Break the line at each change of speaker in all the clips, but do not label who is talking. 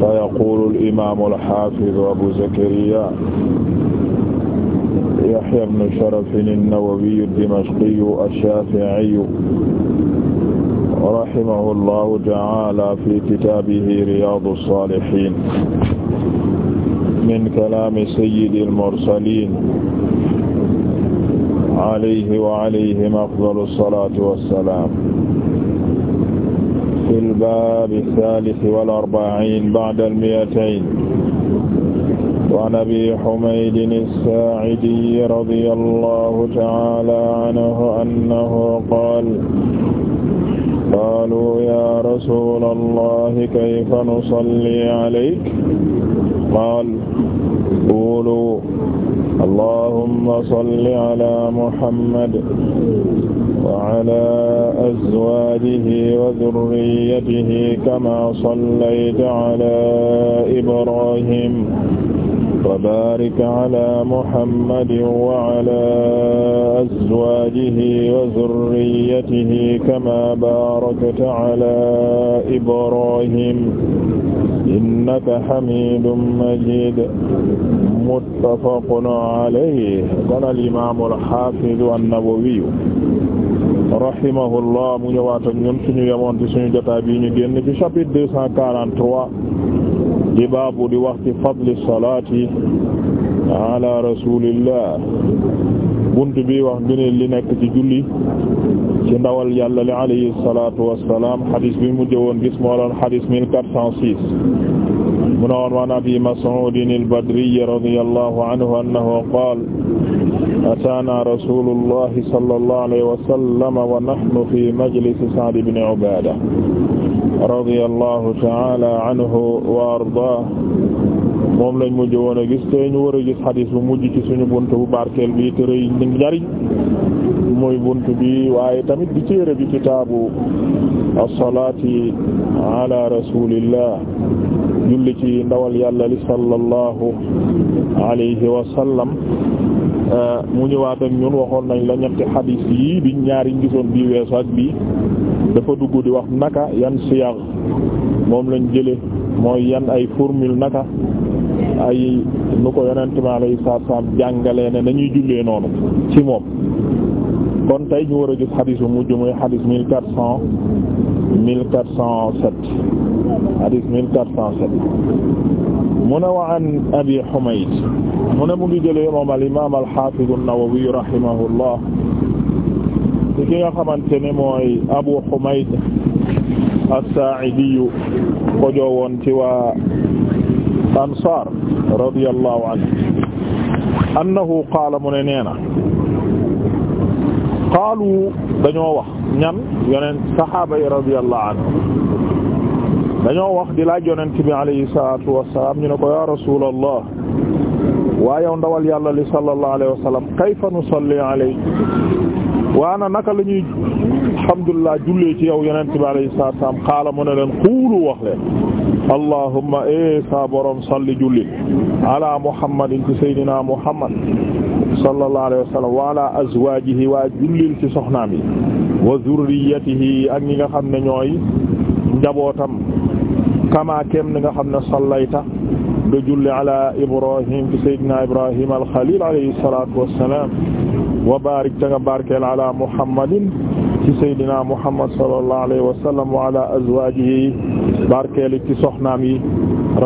fa yaqulu al-imaamu al-haafidu Abu Zakariyaa Yahyaa ibnu Sharaf an-Nawawiyyu ad-Dimashqiyyu ash-Shaafi'iyyu rahimahu Allahu ta'aalaa fii kitaabihi Riyaadu as-Saalihiin min kalaami sayyidil mursaliin alayhi wa alayhim afdalu as-salaatu was-salaam fi lbab alsalis walarbain ba'da almi'atayn wa an abi humaydin as-saacidiy radiya allahu ta'aala anhu annahu qaala qaaluu yaa rasuula allahi kayfa nusalli alayka qaal qulu allahumma salli ala muhammad wa ala azwaajihi wa durriyyatihi kama sallayta ala ibrahim wa baarik ala muhammadin wa ala azwaajihi wa zurriyyatihi kamaa baarakta ala ibraahiim innaka hamiidun majiid muttafaqun alayhi qaala al-imaamu al-haafidu an-nawawiyyu rahimahullah mu ñëwaat ak ñun suñu yemoon ci suñu jotaay bi ñu génn ci chapitre 243 di baabu di wax ci fadli salaati ala rasulillah bunt bi wax gëneel li nekk ci julli ci ndawal yàlla li alayhi salatu wassalam xadis bi mu jëwoon gis moo doon xadis mille quatre cent six mu ne woon waan abi mas'udin al-badri radiyallahu anhu annahu qaala ataana rasulullahi sallallahu alayhi wa sallam wa nahnu fi majlisi Sa'd ibn Ubaada radiyallahu ta'ala anhu wa ardaah moom lañ mujj woon a gis tey ñu war a gis xadiis bu mujj ci suñu bunt bu barkeel bi te rëy njariñ muy bunt bi waaye tamit di téere bi kitaabu as-salaati ala rasulillah julli ci ndawal yàlla li sallallahu alayhi wa sallam Euh, mu ñëwaat ak ñun waxoon nañ la ñetti xadiis yii bi ñaar yi ñu gisoon bii weesu ak bii dafa dugg di wax naka yan siyar moom lañ jële mooy yan ay formule naka ay nu ko yonent mi alayhi salaatu salaam jàngalee ne nañuy jullee noonu ci moom kon tey ñu war a gis xadiis bu mujj mooy xadiis mille quatre cent mille quatre cent sept xadiis mille quatre cent sept mu ne wa an abi Humayd mu ne mu ngi jëlee moom al imaam al haafiz an-Nawawi rahimahullah ci ki nga xamante ne mooy Abu Humayd as-Saa'idiyu ko joowoon ci waa Ansaar radiyallahu anhu annahu qaala mu ne nee na qaalu dañoo wax ñan yeneen saxaaba yi radiyallahu anhu dañoo wax di laaj yonent bi alayhi salaatu wassalaam ñu ne ko ya rasuulallah waa yow ndawal yàlla li sallallahu alayhi wa sallam kayfa nusalli alayk waana naka la ñuy alhamdulilah jullee ci yow yonent bi alayhi salaatu wassalaam qaala mu ne leen quulu wax leen allahumma e sa borom salli julli ala muhammadin ci saydina muhammad sallallahu alayhi wa sallam wa ala azwaajihi waa jullil ci soxnaam yi wa zurriyatihi ak ñi nga xam ne ñooy njabootam kama kem ni nga xam ne sallayta nga julli ala ibrahim ci sayyidina ibrahim alxalil alayhi salatu wassalam wa barik ta nga barkeel ala muhammadin ci sayyidina muhammad sallallahu alayhi wa sallam wa ala azwajihi barkeeli ci soxnaam yi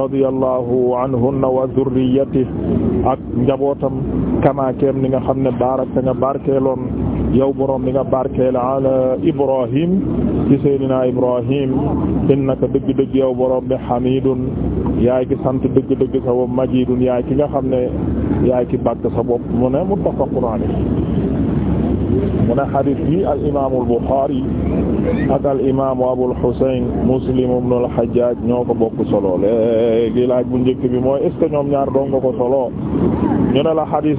radiyallahu anhunna wa dhurriyyatihi ak njabootam kama kem ni nga xam ne barak ta nga barkeeloon yow borom bi nga barkeel ala Ibrahim ci Seydina Ibrahim innaka dëgg-dëgg yow borom bi hamidun yaay ki sant dëgg-dëgg sa bopp majidun yaay ki nga xam ne yaay ki bàkk sa bopp mu ne muttafaqun mu ne xadis bi al imaamul Buxaari al imaamu Muslim ibn al Hajjaj ñoo ko bokk solo léegi laaj bu njëkk bi mooy est ce que ñoom ñaar doon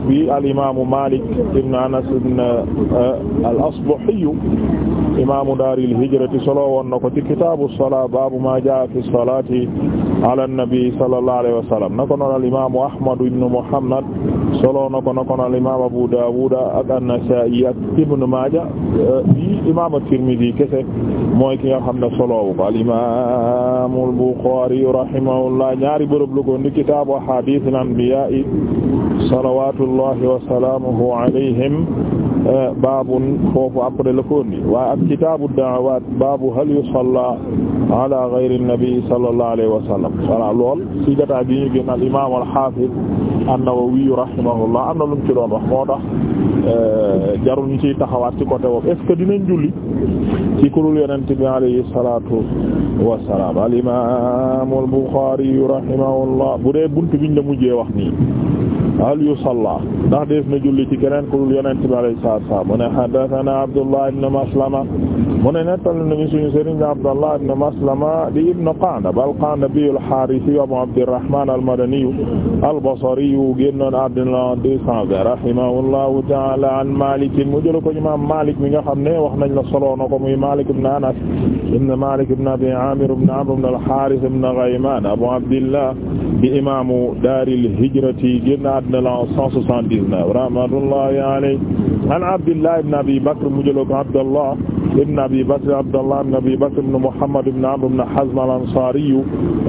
bi al imaamu Maalik ibn Anas ibn euh, al Asbahi imaamu daaril hijrati solo woon na ko ci kitaabu salaa baabu maa jaa'a fi salaati ala nabi sallallahu alayhi wa sallam na ko noon al imaamu ahmadu ibnu muhammad solo na ko na ko noon al imaam abu daawud ak an-nasaa'i ak ibnu maaja bi imaam at-tirmidhi kese mooy ki nga xam ne soloowu ko al imaam al buxaari rahimahullah ñaari bërëb lu ko ndi kitaabu ahaadiisil anbiyaa'i salawaatullahi wa salaamuhu alayhim Eh, baabun foofu après la ko indi waaye ak kitaabu da'awaat baabu hal yusalla ala ghayri nabi sallallahu alayhi wa sallam voilà lool si jotaay bi ñu gën al imaam al haafid an-Nawawi rahimahullah am na lu mu ci doon wax moo tax euh, jarul ñu ciy taxawaat ci côté boobu est-ce que dinañ julli ci kurul Yonent bi alayhi salaatu wa salaam al imaam al Buxaari rahimahullah bu dee buntu biñ la mujjee wax nii hal yusalla ndax def na julli ci keneen kurul Yonent bi alayhi salaatu wa salaam mu ne haddasanaa Abdullah ibn Maslama mu ne nettal nañu suñu sëriñ Abdallah ibn Maslama di ibn Qa'nab al-Qa'nabi al-Haarisi Abu Abdirrahmaan al-Madani al-Basri yu génnoon àddina la 220 rahimahullahu ta'ala an Malik mu jël ko imam Malik mi nga xam ne wax nañ la solo na ko muy Malik ibn Anas ibn Malik ibn Abi Amir ibn Amr ibn al-Harith ibn Ghayman Abu Abdillah di imamu daaril hijrati génn àddina la 179 rahmatullahi alayhi an Abdillah ibn Abi Bakr mu jël ko Abdallah ibn Abi Bakr Abdallah ibn Abi Bakr ibn Muhammad ibn Amr ibn Hazm al-Ansari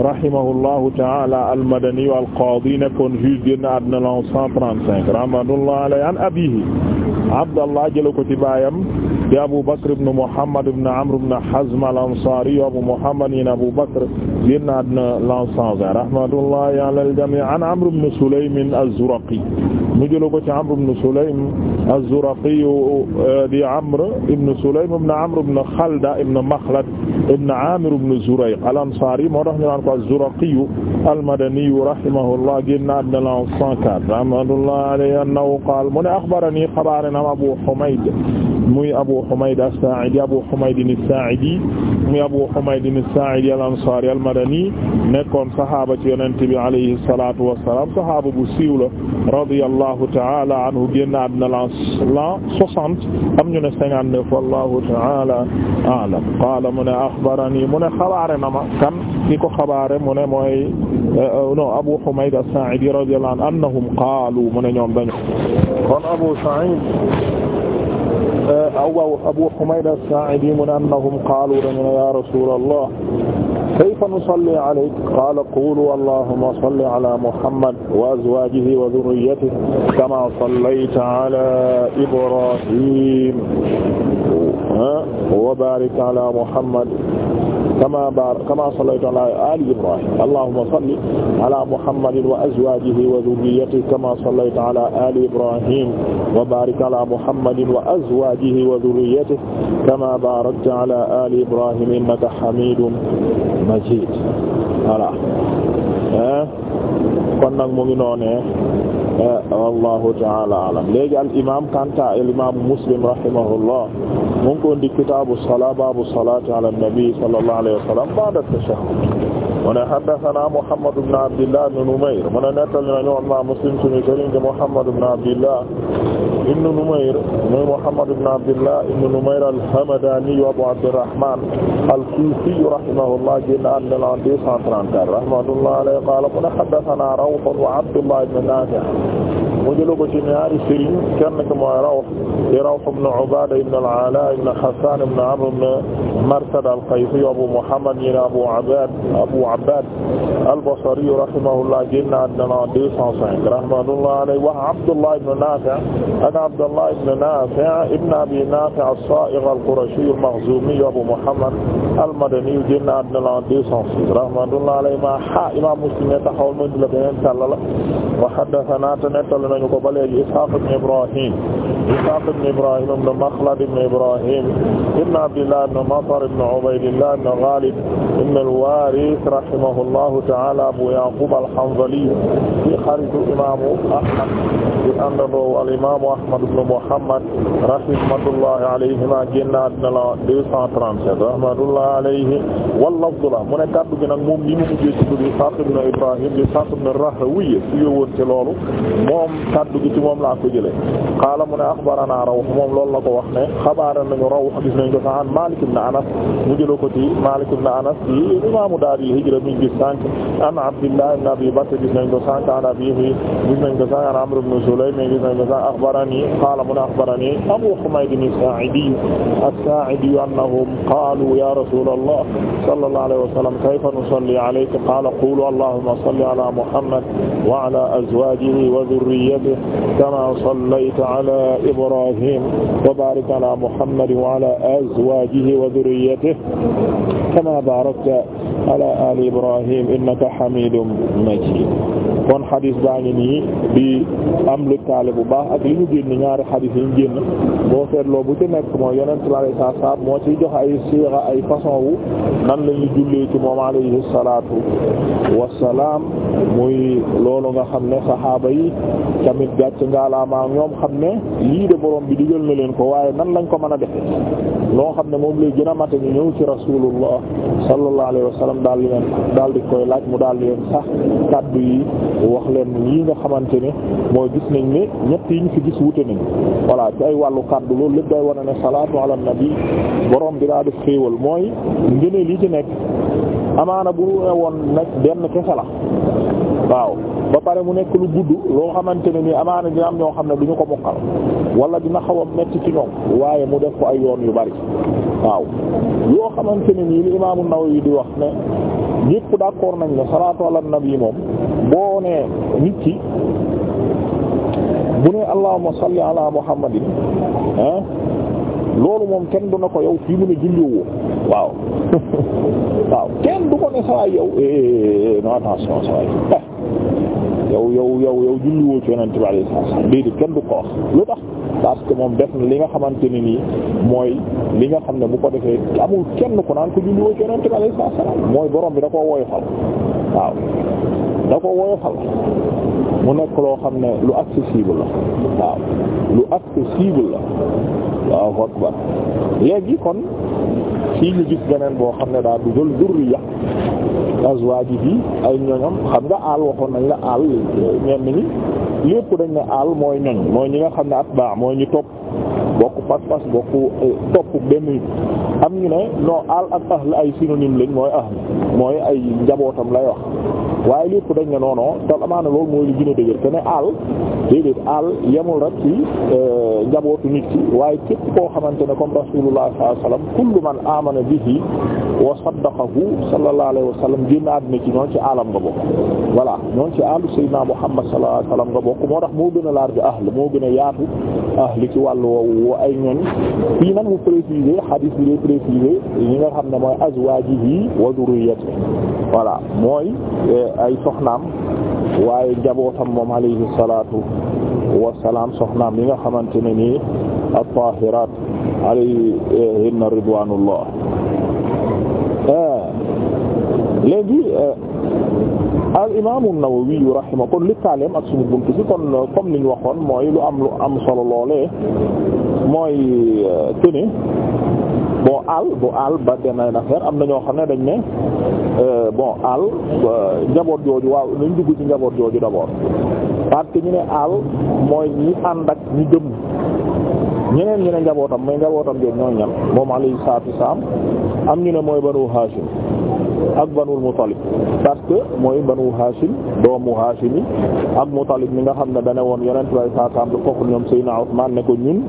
rahimahullahu ta'ala al-Madani al-Qadi nekkoon juge génn àdduna la 135 rahmatullah alayhi an abihi Abdallah jëla ko ci baayam di Abu Bakr ibn Muhammad ibn Amr ibn Hazm al-Ansari Abu Muhammad ibn Abu Bakr génn na àddina l'an 120 rahmatullahi ala al-jami' an Amr ibn Sulaym az-Zuraqi mu jël ko ci Amr ibn Sulaym az-Zuraqi uh, di Amr ibn Sulaym ibn Amr ibn Khalda ibn Makhlad ibn Amir ibn Zurayq al-Ansari moo tax ñu naan ko az-Zuraqi al-Madani rahimahullah génn na àddina l'an 104 rahmatullahi alayhi annahu qaala mu ne akhbarani xabaar na Abu Humayd muy Abu Humayd as-Sa'idi Abu Humayd as-Sa'idi muy Abu Humayd as-Sa'idi al-Ansari al-Madani nekkoon saxaaba ci yonent bi alayhi salaatu wa salaam saxaaba bu siiw la radiyallahu ta'ala anhu génn àddina l'an soixante am ñu ne cinquante-neuf wallahu ta'ala a'lam qaala mu ne axbarani mu ne xabaare na ma kan ki ko xabaare mu ne mooy euh, non Abu Humayd as-Sa'idi radiyallahu anhu annahum qaalu mu ne ñoom dañu kon Abu Sa'id aw Abu Humayd as-Saa'idi mu ne annahum qaalu dañu ne yaa rasuulallah kayfa nusalli alayk qaala quulu allahumma salli ala muhammad wa azwaajihi wa dhurriyyatihi kamaa sallayta ala ibraahiim wa baarik ala muhammad kama baar kama sallayta ala ali ibrahim allahumma salli ala muhammadin wa azwajihi wa dhurriyyatihi kama sallayta ala ali ibrahim wa barik ala muhammadin wa azwajihi wa dhurriyyatihi kama barakta ala ali ibrahim innaka hamidun majid voilà eh? kon nag mu ngi noonee eh? eh, wallahu ta'ala a'lam léegi al imam kanta al imam muslim rahimahullah mu ngi ko indi kitaabu salaa baabu salaati ala nabi sallallahu alayhi wa sallam ba'da tashahhud mu ne haddathana Muhammad ibn Abdillah ibn Numayr mu ne nettali nañu imam Muslim suñu sëriñ de Muhammad ibn Abdillah ibn Numayr muy Muhammad ibn Abdillah ibn Numayr al-Hamdani Abu Abdirrahman al-Kufi rahimahullah génn ànd la 234 rahmatullahi alayhi qala mu ne haddathana Rawh wa Abdullah ibn Nafi' mu jëloon ko ci ñaari sëriñ kenn ki mooy Rawh di Rawh ibn Ubaada ibn al-Alaa ibn Hassaan ibn Amr ibn Marsad al-Qaysi Abu Muhammad ñi Abu Abaad Abu Abbaad al-Basri rahimahullah génn àddina la 205 rahmatullah alayhi wa Abdullah ibn Naafi' ak Abdullah ibn Naafi' ibn Abi Naafi' as-Saa'igh al-Qurashi al-Makhzuumi Abu Muhammad al-Madani génn àddina la 206 rahmatullah alayhi ma ha Imaam Muslim taxawal ma di la beneen talla la wa haddathanaa nañu ko ba léegi Ishaq ibn Ibrahim Ishaq ibn Ibrahim ibn Makhlad ibn Ibrahim ibn Abdillah ibn Matar ibn Ubaydillah ibn Ghalib ibn al-Warith rahimahullahu ta'ala Abu Ya'qub al-Hanzali xaritu imaamu ahmad di àndandoo al imaamu ahmad ibn muhammad rahmatullahi alayhima génnaat na la 237 rahmatullahi alayhi wal lafdu la mu ne kaddu gi nag moom li mu mujjee ci di Ishaaq ibn Ibrahim di Ishaaq ibn Rahawayh su yowoon ci loolu moom kaddu gi ci moom laa ko jëlee qaala mu ne axbaranaa Rawh moom loolu la ko wax ne xabaara nañu Rawh gis nañ ko sax Maalik ibn Anas mu jëloo ko ci Maalik ibn Anas ci imaamu daaril hijra mi gis an Abdullah ibn Abi abihi gis nañ ko sax an Amr ibn Sulaym gis nañ ko sax axbarani qaala mu ne axbarani Abu Humayd as-Saa'idi as-Saa'idi annahum qaalu ya rasuulallah sallallahu alayhi wa sallam kayfa nusalli alayka qaala qulu allahumma salli ala Muhammad wa ala azwaajihi wa dhurriyyatihi kamaa sallayta ala Ibraahiim wa baarik ala Muhammad wa ala azwaajihi wa dhurriyyatihi kamaa baarakta ala aali Ibraahiim innaka hamiidun majiid kon xadis baa ngi nii di am lëkkaale bu baax ak li ñu génn ñaari xadis yi ñu génn boo seetloo bu ci nekk moo yeneen bi alayhi salaatu salaam moo ciy jox ay siira ay façon wu nan la jullee ci moom alayhi salaatu wassalaam muy loolu nga xam ne saxaaba yi tamit gàcc ngaalaamaa ñoom xam ne lii de borom bi digal na leen ko waaye nan lañ ko mën a defe loo xam ne moom lay gën a mate ñu ñëw ci rasulullah sallallahu alayhi wa sallam daal di leen daal di koy laaj mu daal di leen sax kaddu yi wax leen lii nga xamante ne mooy gis nañ ne ñett yi ñu fi gis wute nañ voilà ci ay wàllu kaddu loolu lépp day wane ne salaatu ala nabi borom bi daa def xéewal mooy ngëneel yi ci nekk amaana bu woon nag benn kese la waaw. ba pare mu nekk lu gudd loo xamante ne nii amaana dina ñoo xam ne du ñu ko mokkal wala dina xaw a metti ci ñoom waaye mu def ko ay yoon yu bari waaw yoo xamante ne nii li imaamu yi di wax ne ñépp d'accord nañ ne salaatu ala nabi moom boo nee nit ki bu ne allahumma salli ala muhammadin ah loolu moom kenn du na ko yow fii mu ne julliwoo waaw waaw kenn du ko ne saa yow eh, eh, eh, non attention saa yow yow yow yow julliwoo ci yonent bi alayhi salaam déedéet kenn du ko wax lu tax parce moom def na li nga xamante ne nii mooy li nga xam ne bu ko defee amul kenn ku naan ko julliwoo ci bi alayhi mooy borom bi da koo woyofal waaw da koo woyofal mu nekk loo xam ne lu accessible la waaw lu accessible la waaw akbar léegi kon fii ñu gis beneen boo xam ne daa dugal durriya ji azwaajihi ay ñoñam xam nga aal waxoon nañ la aal ñenn ñi lépp dañ ne aal mooy ñoñ mooy ñi nga xam ne atbaa mooy ñu topp bokk pas-pas bokk eh, topp benn am ñu ne non aal ak ay synonyme lañ mooy mooy ay njabootam lay wax waaye lépp dañ ne noonoo te amaana loolu mooy li gën a dëgër te ne àll déedéet àll yemul rek ci euh, njabootu nit ki waaye képp koo xamante ne comme rasulullah sallallahu alayhi wasallam kullu man amana bihi wa saddaqahu sallallahu alayhi wasallam génn àddina ci ñoon ci alam nga bokk voilà ñoon ci àllu sayyidina muhammad sallallahu alayhi wasallam nga bokk moo tax moo gën a large ahl moo gën a yaatu ahli ci wàllu woowu ay ñoñ fii nag mu préciser hadith bi lay préciser ñi nga xam ne mooy azwaajihi wa dhurriyyatihi voilà mooy euh, ay soxnaam waaye jabootam moom alayhi salaatu wasalaam soxnaam yi nga xamante ne nii at-taahiraat alayhinna ridwaanullah léegi al imaamu Nawawi rahima kon lëkkaaleem ak suñu buntu bi kon comme ni ñu waxoon mooy lu am lu am solo loolee mooy tene euh, boo aal bu aal ba dana affaire am na ñoo xam ne dañ ne Euh, bon àll euh, njaboot jooju waaw nañ dugg ci njaboot jooju d'abord parce que ñu ne àll mooy ñi ànd ak ñu jëm ñeneen ñu ne njabootam mais njabootam jooju ñooy ñan moom alayhi salaatu wassalaam am ñu ne mooy banu Haashim ak banul Muttalib parce que mooy banu Haashim doomu Haashim yi ak Muttalib mi nga xam ne dane woon yeneen trois cent ans kooku ñoom Seydina Usmaan ne ko ñun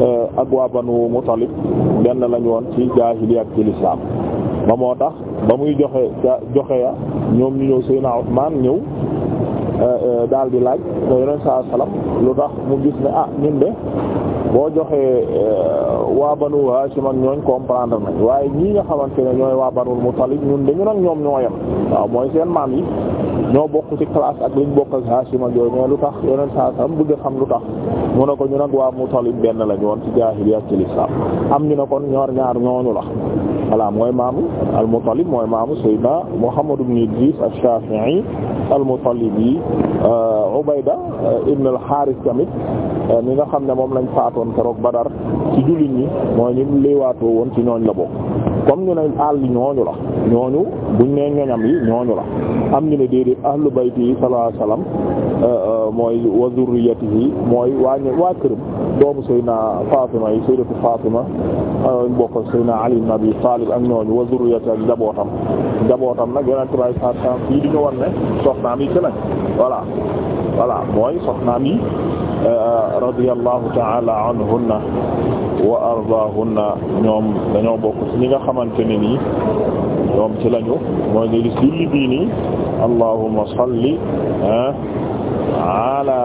euh, ak waa banu Muttalib benn lañ woon ci jaahili ak ci lislaam ba moo tax ba muy joxe joxe ya ñoom ñu ñëw Seydina Usmaan ñëw eh, eh, daal di laaj ne yeneen saa salaam lu tax mu gis ne ah ñun de boo joxee eh, waa banu Haashim ak ñooñ comprendre nañ waaye ñii nga xamante ne ñooy waa mu Muttalib ñun de ñun ak ñoom ñoo yem waaw mooy seen maam yi ñoo bokk ci classe ak liñ bokk ak Haashim ak yooyu mais lu tax yeneen saa salaam bëgg xam lu tax mu ne ko ñun ak waa Muttalib benn lañ woon ci jaahiliya ak ci saa am ñu ne kon ñoor ñaar ñooñu la. voilà mooy maamu al-Muttalib mooy maamu Seydina Muhammad ibn Idris al-Shafi'i al-Muttalibi euh, Ubayda euh, ibn al-Harith tamit ñi euh, nga xam ne moom lañ faatoon keroog Badar ci jullit ñi mooy ñu liwaatoo woon ci ñooñ la bokk comme ñu ne àll ñooñu la ñooñu buñ ne ñoñam la am ñu ne déedéet ahlu bayti yi sallallahu alayhi wasallam euh, euh, mooy wa zurriyatihi mooy waa ñu waa këram na Seyna Fatima yi Sayyidatu Fatima euh, bokk Ali ibn Abi Talib ak wa zurriyatihi ak njabootam njabootam nag yonent bi sallallahu alayhi wasallam fii di ñu wan ne soxnaam yi ci lañ voilà voilà mooy soxnaam yi radiyallahu ta'ala anhunna wa ardaahunna ñoom dañoo bokk ci ñi nga xamante ne nii ñoom ci lañu mooy nga gis julli bii nii allahumma salli ah, ala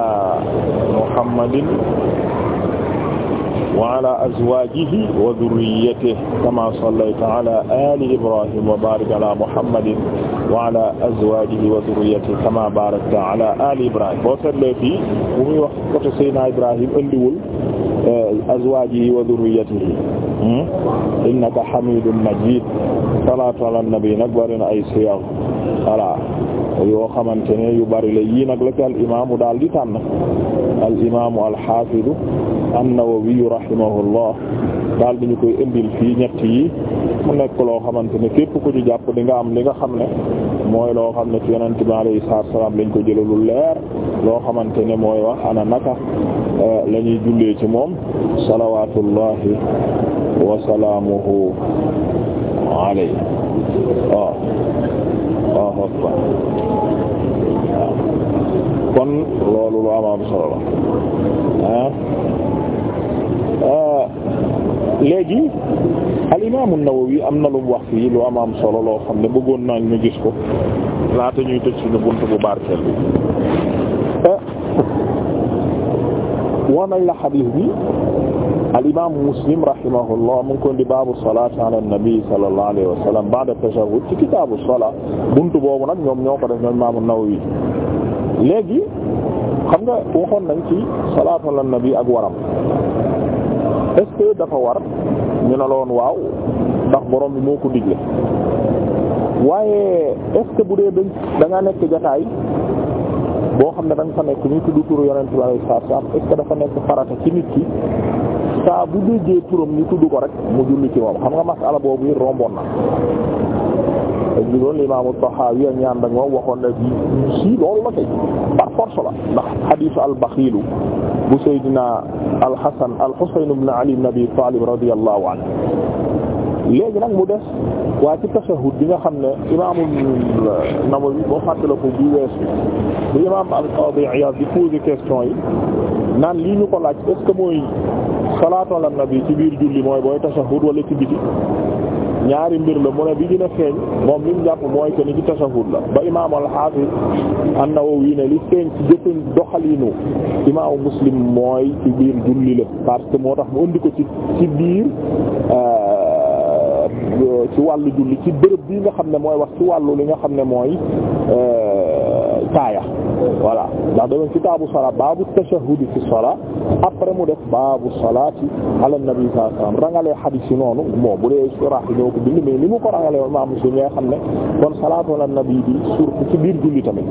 muhammadin wa ala azwaajihi wa durriyyatihi kamaa sallayta ala aali Ibraahiima wa baarik ala Muhammadin wa ala azwaajihi wa durriyyatihi kamaa baarakta ala aali Ibraahiima boo seetlee fii bu muy wax côté Seydina Ibrahima andiwul azwaajihi wa dhurriyyatihi innaka hamidun majid salaatu ala nabi nag bari na ay siyaaw voilà yoo xamante ne yu bari la yii nag la ci al imaamu daal di tànn al imaamu al xaafidu an-Nawawi rahimahullah daal di ñu koy indil fii ñett yi mu nekk loo xamante ne képp ku ñu jàpp di nga am li nga xam ne mooy loo xam ne ci yonent bi alayhi salaatu wa salaam lañ ko jëlee lu leer loo xamante ne mooy wax ana naka Euh, la ñuy jullee ci moom salawaatullahi wa salaamuhu alayhi waaw waaw waaw kon loolu lu am solo la ah, ah. léegi al imaam nawawi am na lu mu wax fii lu am am solo loo xam ne bëggoon naa ñu gis ko laata ñuy tëj suñu bunt bu barkeel bi. woon nañ la xadiis bi al imaamu muslim rahimahullah mu ngi ko di baabu salaati ala nabi sallallahu alayhi wa sallam ba'da tashahhud ci salaat buntu boobu nag ñoom ñoo ko def ñoom imaamu Nawawi léegi xam nga waxoon nañ ci salaatu ala nabi ak waram est ce dafa war ñu ne la woon waaw ndax borom bi moo ko digle waaye est ce que bu da nga nekk jotaay. boo xam ne da fa nekk ñu tudd turu yonent bi alayhi salaatu salaam est ce nekk farata ci nit ki saa bu déggee turam ñu tudd ko rek mu julli ci moom xam nga masala boobu yi romboon na. ak li doon Imaam Tahawi ak ñaan dañoo waxoon ne bi si loolu la kay par force la ndax hadiisu al-baxiilu bu Seydina al-Hasan al-Husayn ibn Ali ibn Abi Taalib radiyallahu anhu léegi nag mu des waa ci tashahhud bi nga xam ne imaamul Nawawi boo fàttale ko bi weesu bi imaam al-Qadi Iyad di poser question yi naan lii ñu ko laaj est-ce que mooy salaatu ala nabi ci biir julli mooy booy tashahhud wala ci biti ñaari mbir la mu ne bi gën feeñ moom li mu jàpp mooy que ni ci tashahhud la ba imaam al-Hafiz an-Nawawi ne li feeñ ci jëfin doxaliinu imaamu Muslim mooy ci biir julli la parce que moo tax mu indi ko ci ci biir euh, ci wàllu julli ci bërëb bi nga xam ne mooy wax ci wàllu li nga xam ne mooy euh, taaya voilà ndax da doon kitaabu salaa baabu tashahhudi fi salaa après mu def baabu salaati ala nabi sallallahu alayhi wasallam rangalee xadiis yi noonu bon bu dee suraax yi ñoo ko bind mais ni mu ko rangalee imaam Muslim nga xam ne kon salaatu ala nabi bi surtout ci biir julli tamit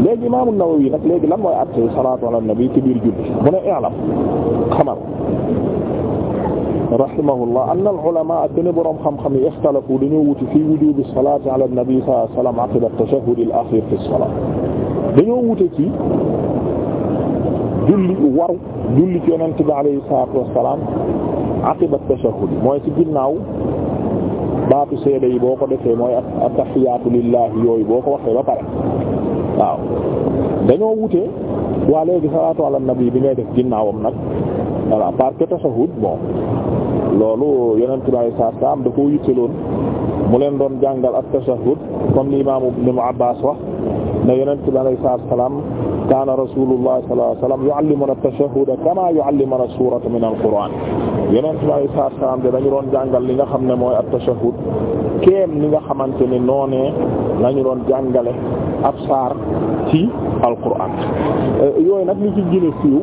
léegi imaam An-Nawawi nag léegi lan mooy àttee salaatu ala nabi ci biir julli mu ne i'lam xamal rahimahullah anna al-ulama te ne boroom xam-xam yi ixtalafu dañoo wuti fii wujubi salaati ala nabi sallallahu alayhi wa sallam aqiba at-tashahhud al-akhir fi as-salaat dañoo wute ci julli waru julli ci yonent bi alayhi salaatu wa salaam aqiba at-tashahhud mooy ci ginnaaw baatu seede yi boo ko defee mooy at-tahiyyaatu lillahi yooyu boo ko waxee ba pare waaw dañoo wute waa léegi salaatu ala nabi bi ngay def ginnaawam nag voilà parce que tashahhud bon. loolu yonent bi alayhi salaatu salaam da koo yitteloon mu leen doon jàngal at-tashahhud comme ni imaam Ibn Abbaas wax ne yonent bi alayhi salaatu salaam kaana rasuulullaah sallallaahu alayhi wa sallam yu'allimunaa at-tashahhuda kamaa yu'allimunaa as-suurata mina al-qur'aan yonent bi alayhi salaatu salaam de dañu doon jàngal li nga xam ne mooy at-tashahhud nga xamante ne noonee lañu doon jàngale ab saar ci al-qur'aan euh, yooyu nag li ci gën a siiw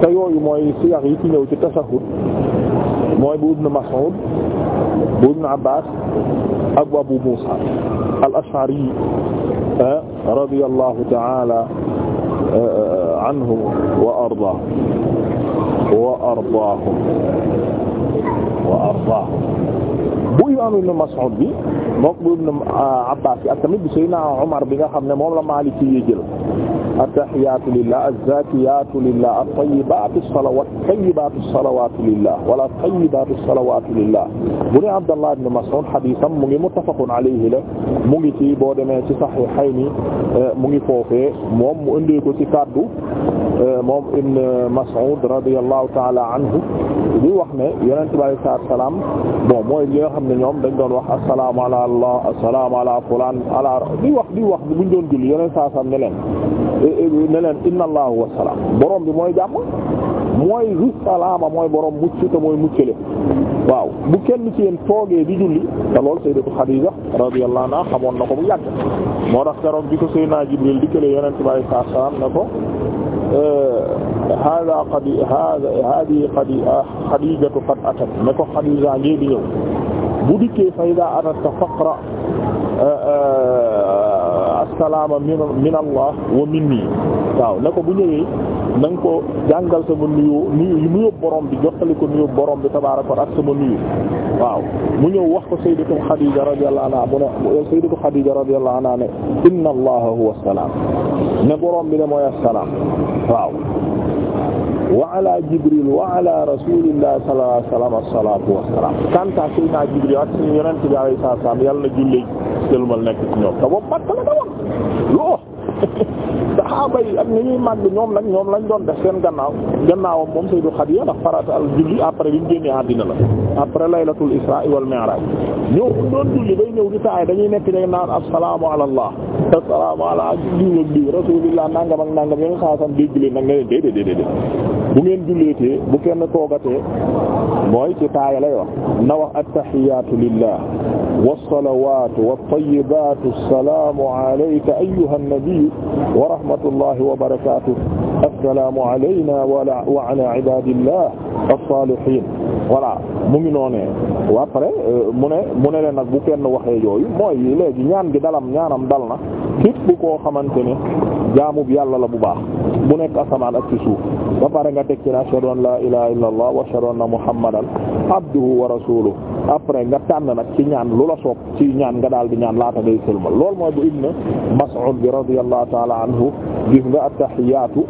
te yooyu mooy siyaar yi ci ñëw ci tashahhud mooy bu ibn Mas'ud bu ibn Abbas ak bu Abu Musa al-Ash'ari eh, radiyallahu ta'ala eh, anhu wa ardaah wa ardaahum wa ardaahum bu imaam ibn Mas'ud bi mook bu ibn eh, Abbas yi ak tamit bi Seydina Umar bi nga xam ne moom la Maliki yi jël attahiyaatu lillah azzakiyaatu lillah at-tayyibaatu salawaat tayyibaatu salawaatu lillah wala tayyibaatu salawaatu lillah bu ne Abdallah ibn Mas'ud xadiisam mu ngi muttafaqun alayhi la mu ngi ci boo demee ci Sahihayni eh, mu ngi foofee moom mu indee ko ci kàddu eh, moom Ibn Mas'ud radiyallahu ta'ala anhu di wax ne Yonent bi alayhi salaatu wa salaam bon mooy li nga xam ne ñoom dañ doon wax assalaamu ala Allah assalaamu ala fulaan ala di wax di wax bu ñu doon julli Yonent saa sam ne leen ne leen inna allahu wassalaam borom bi mooy jàmm mooy salaama mooy borom mucc te mooy muccale waaw bu kenn ci yéen toogee di julli te lool sayyidatu Xadiija radiyallahu anha xamoon na ko bu yàgg moo tax keroog bi ko Seydina Jibril dikkale yonent bi alayhi salaam ne ko hada qad hada hadi qad Xadiijatu qad di ñëw bu dikkee fa idaa atat faqra assalaama min allah wa minni waaw ne ko bu ñëwee na ko jàngal sama nuyu nuyu nuyu borom bi jottali ko nuyu borom bi tabaaraka ak sama nuyu waaw mu ñëw wax ko sayyidatu Xadiija radiyallahu anha mu ne sayyidatu inna allaha huwa salaam ne borom bi ne assalaam waaw wa ala jibril wa ala rasulillah sallallahu alayhi wa sallam assalatu wassalam jibril ak suñu yonent bi alayhi salaam yàlla na julli sëlmal nekk ci ñoom te boobu matt la da loo saxaaba yi ak na ñuy màgg ñoom nag ñoom lañ doon def seen gannaaw gannaawam moom Sayyidu Xadiija ndax farata al julli après bi mu génnee àddina la après laylatul isra wal mi'raj ñoom bu doon julli day ñëw di taay dañuy nekk dañ naan assalaamu ala allah assalaamu ala diw ak diw rasulillah nangam ak nangam yéen saa sam dégg leen nag ne leen déedéet déedéet bu ngeen julleetee bu kenn toogatee mooy ci taay lay wax na wax at-tahiyyatu lillah والصلوات والطيبات السلام عليك أيها النبي ورحمة الله وبركاته السلام علينا وعلى عباد الله الصالحين voilà mu ngi noonee après euh, mu ne mu ne leen nag bu kenn waxee yooyu mooy léegi ñaan gi dalam ñaanam dal na képp koo xamante ne jaamu bi yàlla la bu baax bu nekk asamaan ak ci suuf ba pare nga teg ci ne ashhadu an la ilaha illa allah wa ashhadu anna muhammadan abduhu wa rasuluhu après nga tànn nag ci ñaan lu la soog ci ñaan nga daal bi ñaan laata ngay sëlmal loolu mooy bu ibn mas'ud bi radiyallahu ta'ala anhu gis a at-tahiyatu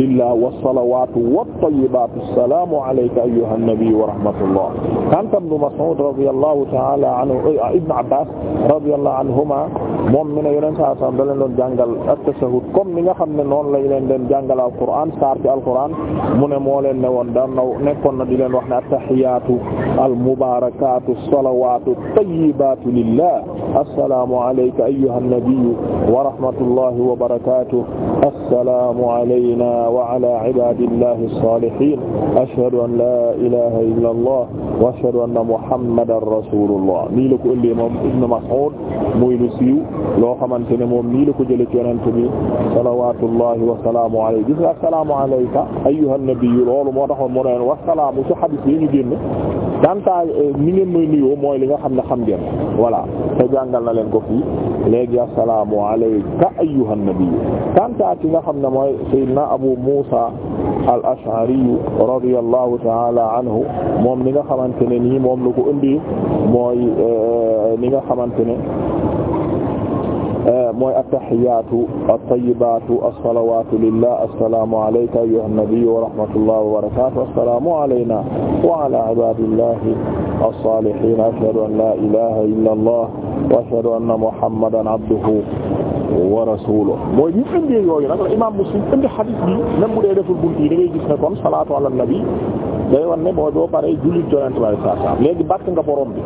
lillah wasalawaatu wattayibaatu salaamu alayka ayyuha nabi wa rahmatullah kantam Ibn Mas'ud radiyallahu ta'ala anhu eh, Ibn Abbas radiyallahu anhuma moom mi ne yeneen saa saam da leen doon jàngal at-tashahhud comme ni nga xam ne noonu lañ leen doon jàngal alquran saar ci alquran mu ne moo leen ne woon daan na nekkoon na di leen wax ne at-tahiyyaatu al-mubaarakaatu as-salawaatu at-tayyibaatu lillah assalaamu alayka ayyuha nabi wa rahmatullahi wa barakaatuh assalaamu alayna wa ala ibadillahi salihin ashhadu an la ilaha illa allah wa ashhadu anna muhammadan rasulullah nii la ko ëndee moom ibnu mas'ud muy lu siiw loo xamante ne moom nii la ko jëlee ci yonent bi salawatullahi wa salaamu alayhi gis nga assalaamu alayka ayyuhan nabiyyu loolu moo taxoon mu ne wa salaamu ci hadith yi ñu génn danta euh, ni ngeen mooy nuyoo mooy li nga xam ne xam ngeen voilà te jàngal na leen ko fii léegi assalaamu alayka ayyuhan nabiyyu danta ki nga xam ne mooy sayyidina abu musa al ash'ari radiyallahu ta'ala anhu moom li nga xamante ne nii moom la ko indi mooy li euh, nga xamante ne mooy attahiyaatu attayibaatu assalawaatu lillah assalaamu alayka ayyuha nabiyyu wa rahmatullahi wa barakaatuhu assalaamu alaynaa wa alaa ibaadillahi as-saalihiin ashhadu an laa ilaaha illallah wa ashhadu anna muhammadan abduhu wa rasuluhu mooy ñu indi yooyu nag la imaam Muslim indi hadiis bi même bu dee deful buntu yi da ngay gis ne kon salaatu ala nabi day wan ne boo boo paree jullit jonante bi sallallahu alayhi wa sallam léegi bàkk nga borom bi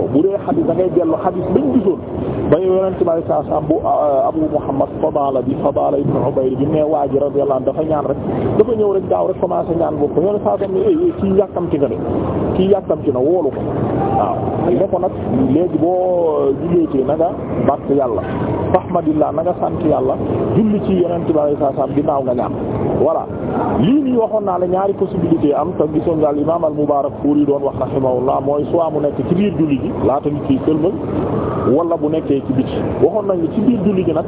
ko bu dee xadis dangay ngay dellu xadis bañ gisoon ba yonent bi saa saa bu euh, Abu Muhammad Fadala bi Fadala ibn Ubayr bi ne waa ji radiyallahu anhu dafa ñaan rek dafa ñëw rek daaw rek commencé ñaan bopp ñoo ne saa sam ne ay kii yàkkamti nga de kii yàkkamti na woolu ko waaw ne ko nag léegi boo euh, julleetee na nga bàtt yàlla fahmadillah na nga sant yàlla julli ci yonent bi saa saa ginnaaw nga ñaan voilà lii nii waxoon naa la ñaari possibilité am te gisoon nga al imaam al mubaarak fuur yi doon wax rahimahullah mooy soit mu nekk ci biir julli gi laata nit kiy sëlmal wala bu nekkee ci biti waxoon nañ ci biir julli gi nag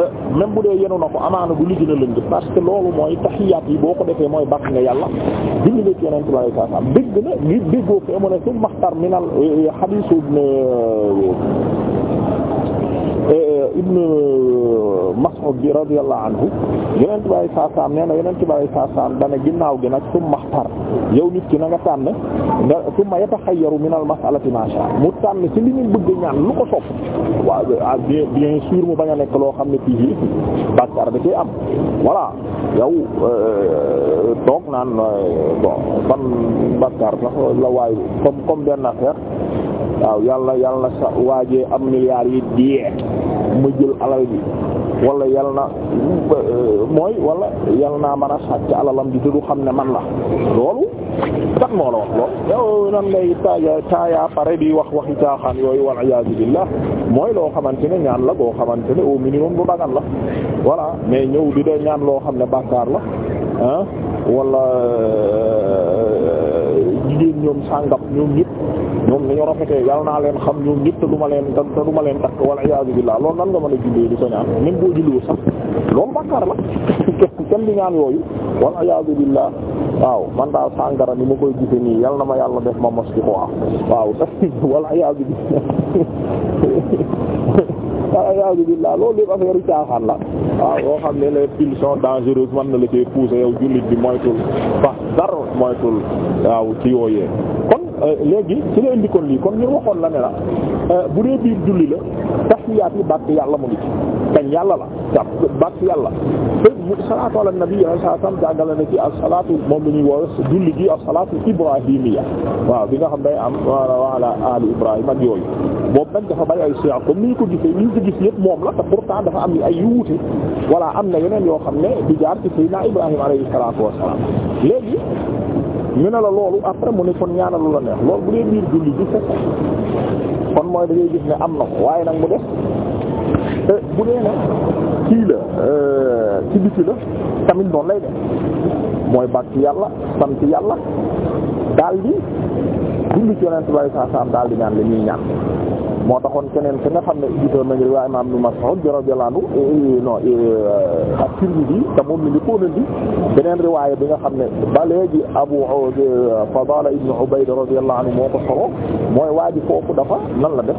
euh, même bu dee yenu na ko amaana bu li gën a lënd parce que loolu mooy taxiyaat yi boo ko defee mooy bakk nga yàlla julli nga ci yonent bi sallallahu alayhi wa dégg na ngi déggoo fee mu ne su maxtar minal xadiisu euh, euh, ibn euh, Mas'ud bi radiyallahu anhu yonent bi saa saam nee na yonent dana ginnaaw gi nag summa xtar yow nit ki na nga tànn nga summa yataxayyaru min al mas'alati ma sha mu tànn ci li ñu bëgg ñaan lu ko sopp waaw ah, bien bien mu bañ a nekk loo xam ne fii bàkkaar da cee am voilà yow euh, toog naan euh, bon ban la waayu comme comme benn affaire waaw yàlla yàlla sa waajee am milliards yi diye ma jël alal bi wala yal na mooy wala yal naa mën a sàcc alalam bi te du xam ne man la loolu tax moo la wax lool yow nan ngay taaya taaya pare di wax waxi caaxaan yooyu wal iyaazu billah mooy loo xamante ne ñaan la boo xamante ne au minimum du dagan la voilà mais ñëw di de ñaan loo xam ne bàkkaar la ah wala euh, jigéen ñoom sàngam ñoom ñëpp ñoom ni ñu rafetee yàlla naa leen xam ñoom ñëpp te ma leen te du ma leen takk wala iyaazu billaah loolu nan nga mën a jullee di ko ñaan même boo julliwul sax loolu bàkkaar la kenn di ñaan yooyu wala iyaazu billaah waaw man daal sàngara ni ma koy gise nii yal na ma yàlla def ma mos ci quoi waaw sax wala iyaazu billaah ayaazu billaah loolu lépp affaire yu la waaw yoo xam ne les pulsions dangereuses mën na la cee pousser yow jullit bi moytul fa dara moytul waaw ci yooyee Euh, léegi ci la indi kon lii kon ñu waxoon la ne la euh, bu dee biir julli la tahiyaat yi bàkk yàlla mu ngi ci kañ yàlla la jàpp bàkk yàlla salaatu ala nabi sallallahu alayhi wasallam jàngale na ci as-salaatu moom la ñuy woowe julli gi as-salaatu ibrahimiya waaw bi nga xam am wa ala ali ibrahim ak yooyu boobu nag dafa bari ay séance comme ni ñu ko gisee ni ñu yëpp moom la te pourtant dafa am ay yuute voilà am na yeneen yoo xam ne di jaar ci sayyidina ibrahim alayhi wassalaam léegi ñu ne la loolu après mu ne kon ñaanalu la neex loolu bu dee biir julli du fekk kon mooy da gis ne am na ko waaye nag mu def bu dee ne kii la euh, ci biti la tamit noonu lay def mooy bàkk yàlla sant yàlla daal di julli ci yonent bi sallallahu alayhi wasallam daal di ñaan li ñuy ñaan moo taxoon keneen ki nga xam ne éditeurs nañu riwaay imaam Ibn Mas'ud radiyallahu anhu eh, eh, non eh, at-Tirmidhi te moom mi ngi ko beneen riwaay bi nga xam ne ba léegi Abu Fadala ibn Ubayd radiyallahu anhu moo ko solo mooy waa ji foofu dafa nan la def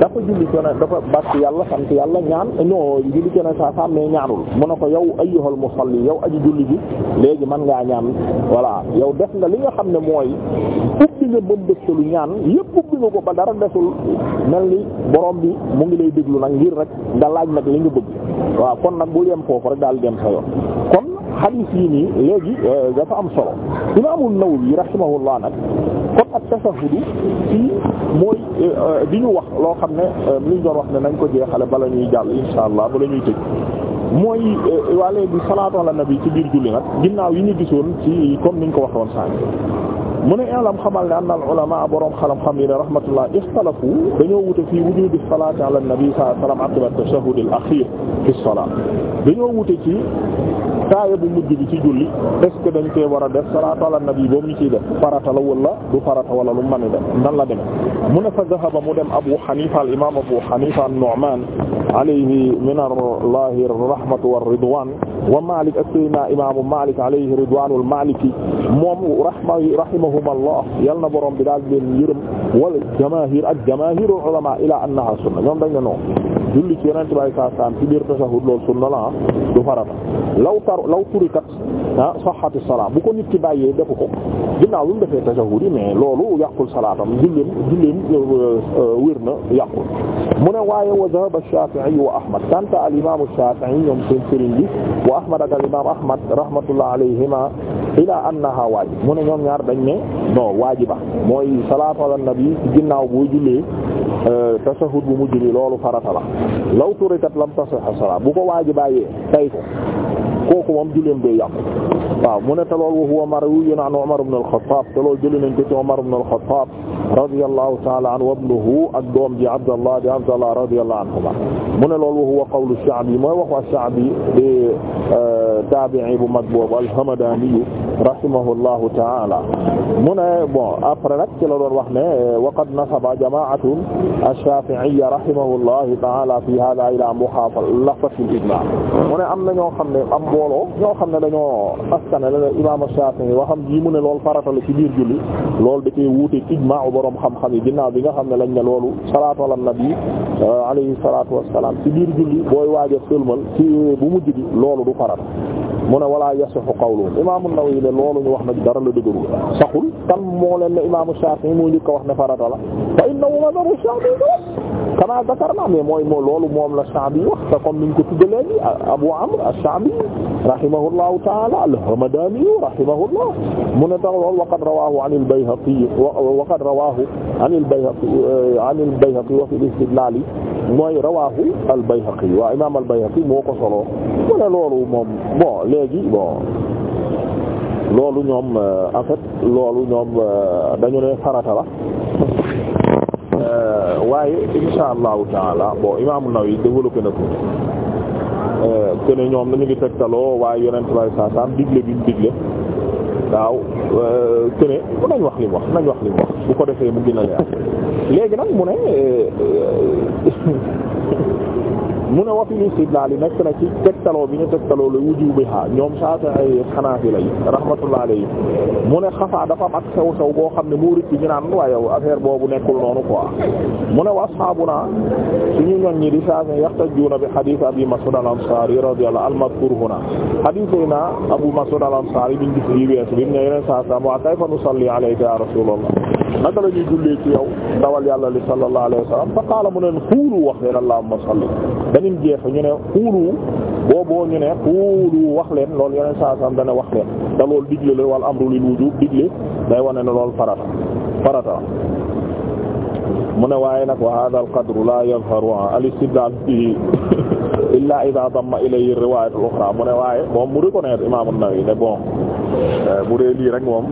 dafa julli ci Yonent dafa bàkk yàlla sant yàlla ñaan non julli ci Yonent saa saam mais ñaanul mu ne ko yow ayyuhal musalli yow aji julli ji léegi man ngaa ñaan voilà yow def nga li nga xam ne mooy ubbi nga bëm bëttalu ñaan yépp ubbi nga ko ba dara desul mel ni borom bi mu ngi lay déglu nag ngir rek nga laaj nag li nga bëgg waaw kon nag bu yem foofu rek daal dem sa yoon kon xadiis yi nii léegi euh, dafa am solo Imaamu Nawawi rahimahullah nag kon ak tasahudu fii mooy euh, euh, di ñu wax loo xam ne li ñu doon wax ne nañ ko jeexale bala ñuy jàll insha allah bala ñuy tëj mooy waa léegi salaatu ala nabi ci biir julli nag ginnaaw yi ñu gisoon ci comme niñ ko waxoon sànq. mu ne i'lam xamal ne anna al ulama boroom xam-xam yi ne rahmatullah ixtalafu dañoo wute fii wujubi salaati ala nabi sallallahu alayhi wa sallam aqiba tashahhud al akhir fi salat dañoo wute ci taaya bu mujj bi ci julli est-ce que dañ koy war a def salaatu ala nabi boobu ñu ciy def farata la wala du farata wala lu mën a def nan la demee mu ne fa zahaba mu dem Abu Hanifa al imaam Abu Hanifa an-Nu'man alayhi min allahi rahmatu war ridwan wa Malik ak sayyidina imaamu Malik alayhi ridwanul maliki moom rahma rahimahumullah yal na borom bi daal di leen yërëm wal jamaahir ak jamaahirul ulama ila annaha sunna ñoom dañ ne noonu julli ci yeneen tubaab yi saa saa ci biir tashahhud loolu sunna la du farata law tar law turikat ah sahhatu salaa bu ko nit ki bàyyee defu ko ginnaaw bi mu defee tashahhud yi mais loolu yàqul salaatam julleem julleem euh, euh, wér na yàqul. mu ne waaye wa dhahaba Shaafi'i wa Ahmad kanta al imaam Shaafi'i ñoom seen sëriñ bi wa Ahmad ak al imaam Ahmad rahmatullah alayhima ila annaha waajib mu ne ñoom ñaar dañ ne non waajiba mooy salaatu ala nabi ginnaaw boo jullee. Euh, tashahhud bu mujj bi loolu farata la law turikat lam tasah as-salat bu ko waaji bàyyee tay ko kooku moom julleem day yàqu waaw mu ne te lool wa huwa marwiyyun an Umar ibn al-Khattab te lool jëli nañ ko ci Umar ibn al-Khattab radiyallahu ta'ala anhu wa ibnuhu ak doom ji Abdallah di Abdallah radiyallahu anhuma mu ne lool wa huwa qawlu Sha'bi mooy waxu Sha'bi di euh, taabi'i bu mag boobu al-Hamadani rahimahullahu ta'ala mu ne bon après nag ci la doon wax ne wa qad nasaba jama'atun ash-Shafi'iyya rahimahullahu ta'ala fi hadha ila mukhaalafati al-ijma' mu ne am na ñoo xam ne am mbooloo ñoo xam ne dañoo askanale la imaam Shaafi'i waxam ji mu ne loolu farata la ci biir julli loolu da koy wuute ijmaa'u boroom xam-xam yi ginnaaw bi nga xam ne lañ ne loolu salaatu ala nabi alayhi salaatu wassalaam ci biir julli booy waaj a sëlmal ci bu mujj bi loolu du farata mu ne walaa yasihu qawlu imaamu Nawawi de loolu ñu wax nag dara la dëgëru saxul kan moo leen ne imaamu Shaafi'i moo njëkk a wax ne farata la fa innahu madhabu Shaafi'i kama dhakarna mais mooy moo loolu moom la Shaabi wax te comme niñ ko tudde léegi Abu Amr ash-Shaabi rahimahullahu ta'ala al-Hamdani rahimahullah mu ne tax loolu wa qad rawaahu an al-Bayhaqi wa qad rawaahu an al-Bayhaqi an al-Bayhaqi wa fi al-istidlaal mooy rawaahu al-Bayhaqi waaw imaam al-Bayhaqi moo ko soloo mu ne loolu moom bon léegi bon loolu ñoom euh, en fait loolu ñoom euh, dañu ne farata la euh, waaye insha allahu taala bon imaam an-Nawawi développé na ko que ne ñoom dañu ngi tegtaloo waaye yonent bi sallallahu alayhi digle bi ñu digle waaw que ne nañ wax li mu wax nañ wax li wax bu ko defee mu gën a leer léegi nag mu ne euh, euh, mu ne wafil istidlaal yi nekk na ci tegtaloo bi ñu tegtaloo la wujubiha ñoom Shafi'i Hanafila yi rahmatullah alayhi mu ne xafaa dafa am ak sew sew boo xam ne moo rëcc ñu naan waaye boobu nekkul noonu quoi mu ne wa ashaabuna suñu ñoon ñi di Shafi'i yaxtajuuna bi hadith Abi Mas'ud al-Ansari radiyallahu al-madhkur huna hadith yi na Abu Mas'ud al-Ansari biñ gis yi weesu bi mu ne yeneen wa saa waa kayfa nusalli alayka ya rasulullah naka la ñuy jullee ci yow dawal yàlla li wa sallam fa qaala nim jeexe ñu ne xuulu booboo ñu ne xuulu wax leen loolu yeneen saa saam dana wax leen te loolu digle la wal amru lil wujub digle day wane ne loolu farata farata mu ne waaye nag wa hadha al qadru la yadharu al istidlal bi illa idha damma ilayhi riwayat al ukhra mu ne waaye moom mu reconnaître imam an-Nawawi ne bon eh, bu dee lii rek moom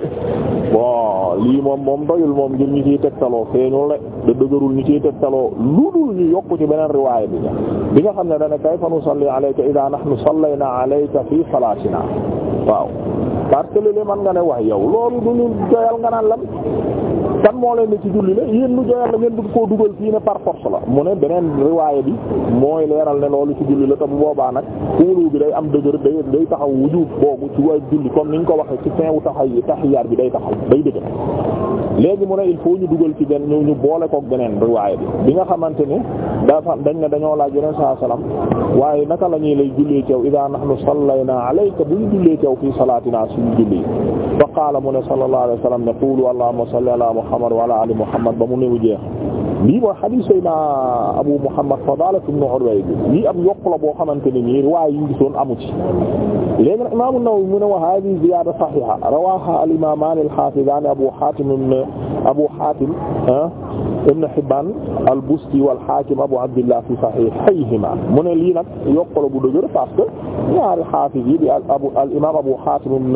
bon waaw lii moom moom doyul moom ngir ñu ciy tegtaloo feeñul ne da dëgërul ñu tegtaloo lu dul ñu yokk ci beneen riwaaya bi bi nga xam ne dane kayfa nusalli alayka idaa nahnu sallayna alayka fii salaatina waaw parce que li man nga ne wax yow loolu du ñu doyal nga naan kan moo leen ne ci julli la yéen lu joyal la ngeen bëgg koo dugal fii ne par force la mu ne beneen riwaaya bi mooy leeral ne loolu ci julli la te bu boobaa nag wóolu bi day am dëgër day day taxaw wujub boobu ci waa julli comme niñ ko waxee ci fin wu taxaw yi taxiyaar bi day taxaw day dëgër léegi mu ne il faut ñu dugal ci benn ñu ñu boole kook beneen riwaaya bi bi nga xamante ne dafa dañ ne dañoo laaj yeneen saa salaam waaye naka la ñuy lay jullee ci yow idaa na sallayna alayka bu ñu jullee ci yow fii salaatinaa suñu julli fa qaala mu ne sallallahu alayhi wa sallam ne qulu allahumma salli ala muhammad Muhammad wa ala ali Muhammad ba mu néew jeex lii mooy xadiis Seydina Abu Muhammad Fadalah ibn Urwayh bi lii am yokk la boo xamante ne nii riwaay yi gisoon amu ci léegi nag Imaam An-Nawawi mu ne wa haadihi ziyaada saxiixa rawaaha al-imaamaani al-xaafizaani Abu Haatim ibn Abu Haatim ah, Ibn Hibbaan al-Busti wal Haakim Abu Abdillah fi sahihayhima mu ne lii nag yokkalo bu dëgër parce que ñaari xaafis yi di al abu al imaam Abu Haatim Ibn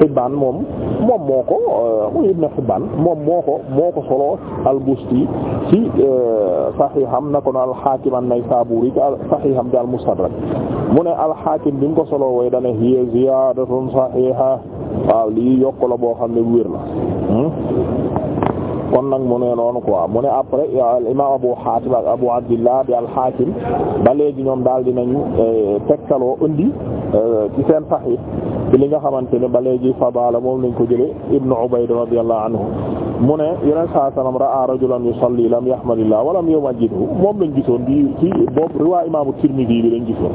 Hibbaan moom moom moo ko euh, muy Ibn Hibbaan moom moo ko moo ko solo al-Busti ci euh, sahiham na ko al Haakim an-Naysaabuuri ci sahiham di al-Mustadrak mu ne al Haakim bi mu ko solo way dana hiya ziyaadatun sahiha waaw lii yokkalo boo xam ne bu wér la hmm? kon nag mu ne noonu quoi mu ne après euh, imam Abu Abu Abdillah bi al-Hakim ba léegi ñoom daal di nañu euh, indi euh, ci seen Sahih ci li nga xamante ne ba léegi fadala moom lañ ko jële Ibnu Ubayd radiyallahu anhu mu ne yeneen saa salaam ra'a rajulan yusalli lam yahmadillah wa lam yumajjidhu moom lañ gisoon bi ci boobu a imaamu Tirmidhi bi lañ gisoon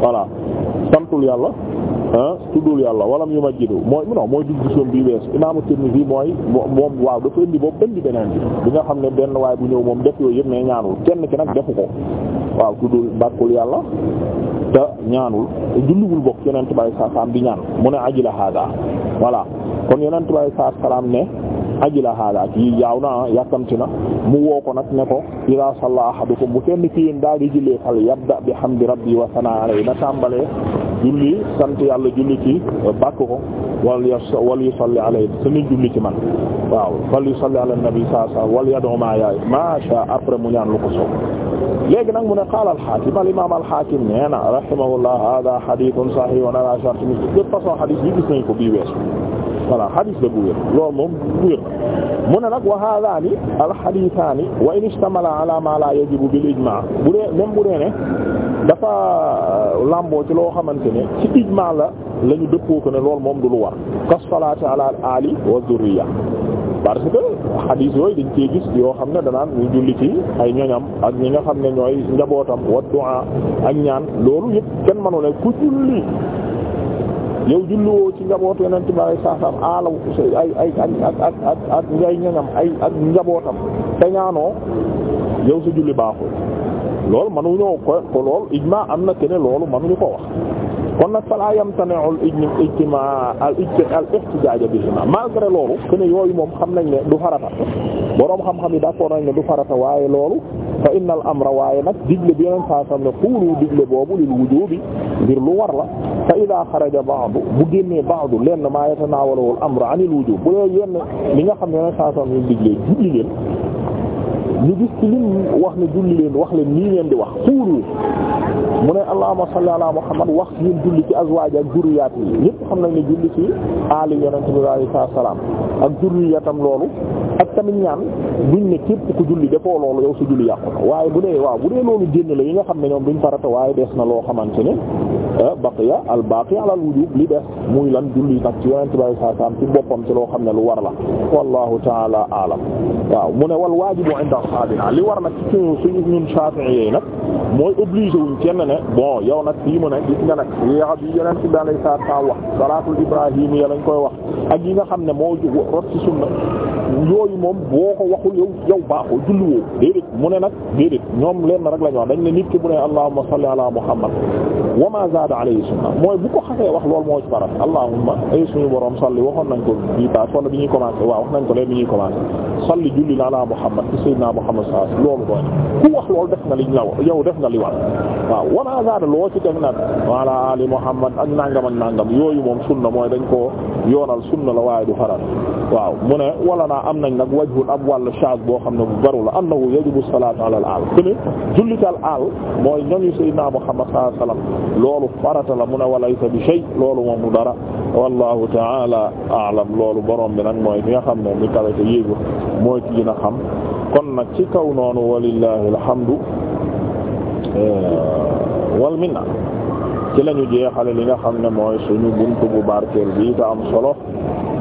voilà santul yàlla ah tuddul yàlla walam yu ma jidu mooy non mooy dig gisoon bi wees imaamu Tirmidhi mooy moom waaw dafa indi boobu indi beneen bi bi nga xam ne benn waaye bu ñëw moom def yooyu yëpp mais ñaanul kenn ki nag defu ko waaw tuddul bàkkul yàlla te ñaanul julliwul bokk yeneen tubaab yi saa saam di ñaan mu ne aji la hada voilà kon yeneen tubaab yi saa salaam ne aji la kii yaaw na ah yàkkamti na mu woo ko nag ne ko ila salla ahadukum bu kenn ci yéen daal di wa sana alayhi na tàmbalee julli sant yàlla julli ci euh, bàkk ko wal yas wal yusalli alayhi suñu julli ci man waaw fal yusalli ala nabi saa saa wal yad'u ma yaay macha après mu ñaan lu ko soog léegi nag mu ne qaala al-Haakim al-imaam al-Haakim nee na rahimahullah haadaa hadiisun sahiih wa ala sharti de toute façon hadith bi gis nañ ko bii weesu. voilà xadis la bu wér loolu moom bu wér mu ne nag wa alxadiisaani wa in ishtamala ala ma la yajibu bil ijmaa bu dee même bu dee ne dafa euh, lamboo ci loo xamante ne ci ijmaa la la dëppoo ko ne lool moom du lu war kas salaati ala aali wa zurriya parce que xadiis yooyu dañ cee gis yoo xam ne danaan ñu julli ci ay ñoñam ak ñi nga xam ne ñooy njabootam wa du'a ak ñaan loolu yëpp kenn mënu ku julli yow julliwoo ci njabootu yonent bi ay saasam aalaw ay ay ak ak ak ak ngay ñañam ay ak njabootam te ñaanoo yow sa julli baaxul loolu mënuñoo ko ko lool ijmaa am na keneen loolu mënuñu ko wax kon nag fala yamtani'u al ijtima al ihtijaj bihima malgré loolu que ne yooyu moom xam nañ ne du farata boroom xam-xam yi d'accord nañ ne du farata waaye loolu fa inna al amra waaye nag digle bi yeneen saa sam ne xuulu digle boobu lil wujubi ngir lu war la fa ida xaraja ba'du bu génnee ba'du lenn maa yatanaawaluhu al amra anil wujub bu dee yenn li nga xam ne yeneen saa sam ñu digle julli leen ñu gis ci lim wax ne julli leen wax leen nii leen di wax xuulu mu ne allahumma salli ala muhammad wax ñun julli ci azwaaj ak durriyaat yi ñëpp xam nañ ni julli ci aali yonent bi alayhi salaam ak durriyatam loolu ak tamit duñ ne képp waaye bu dee waaw bu la yi nga xam ne ñoom duñ farata waaye des na loo xamante ne ah, baqiya al baqi ala al wujub li des muy lan julli nag ci yonent bi saa saam ci boppam loo xam ne lu war la wallahu taala alam waaw mu ne wal waajibu inda ashabina li war nag ci suñu ñun Shafi'i yi nag mooy obligé wuñ kenn ne bon yow nag fii mu ne gis nga nag yéexa bi yonent bi alayhi salaam wax salaatul ibrahim ya lañ koy wax ak yi nga xam ne moo rot ci sunna yooyu moom boo ko waxul yow yow yow baaxoo julli woo déedéet mu ne nag déedéet ñoom leen na rek la ñu wax dañ ne nit ki bu ne allahumma salli ala muhammad wa ma zaada alayhi sunna moo ci faral allahumma ay suñu borom salli waxoon nañ ko ko leen bi ñuy commencé salli julli na ala muhammad ci sayyidina muhammad sallallahu alayhi wasallam loolu doon ku wax loolu def nga liñ la yow def li wax waaw wa ma zaada loo ci teg nag ala ali muhammad ak nangam ak nangam yooyu moom sunna mooy dañ koo yoonal sunna la waaye du faral waaw mu ne wala naa am nañ nag wajhun ab wàll shaaz boo xam ne bu baru la annahu yajibu salaatu ala al aal kene jullital aal mooy ñooñu sayyidina Muhammad sallallahu alayhi wasallam loolu farata la mu ne walaysa bi shay loolu moom mu dara wallahu ta'ala a'lam loolu borom bi nag mooy ki nga xam ne mi kawete yéegu mooy ki gën a xam kon nag ci kaw noonu walillahi alhamdu eh, wal minna ci lañu jeexale li nga xam ne mooy suñu buntu bu barkeel bi ta am solo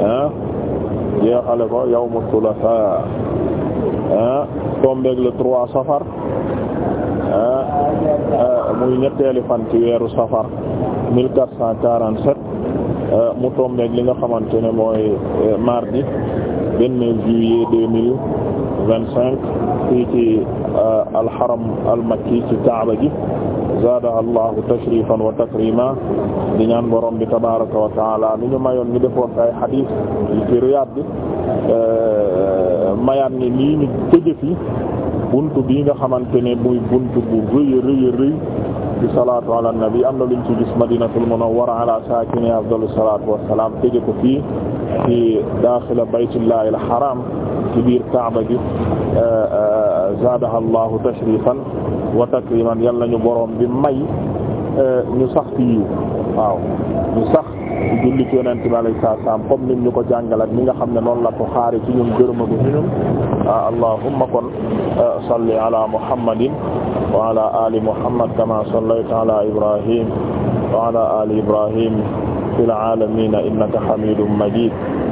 ah jeexale ko yawmu thulatha ah tombeeg le trois safar ah muy ñetteeli fan ci weeru safar mille quatre cent quarante sept euh, mu tombeeg li nga xamante ne mooy euh, mardi vingt juillet deux mille vingt-cinq fii ci euh, alxaram almakki ci kaaba gi zaadaha allahu tashrifan wa takrima di ñaan borom bi tabaraka wa taala ni ñu mayoon ñu defoon ay xadiis yi ci Riyaad bi euh, mayaat ni lii ñu jëjëf yi bunt bii nga xamante ne muy bunt bu rëy rëy rëy ci salaatu ala nabi am na luñ ci gis madinatul munawwara ala saakini afdalu salaatu wassalaam tëje ko fii ci daaxila baytullahi al haram ci biir Kaaba gi euh, euh, zaadaha allahu tashrifan wa takriman yàlla ñu boroom bi may euh, ñu sax ci yiw waaw ñu sax ci julli ci yonente bi alayhi salaam comme nim ñu ko jàngal ak mi nga xam ne noonu la ko xaare ci ñun gërëma ko ci ñun allahumma kon salli ala muhammadin wa ala ali muhammad kama sallayta ala ibrahim wa ala ali ibrahim fil aalamiina innaka hamiidun majiid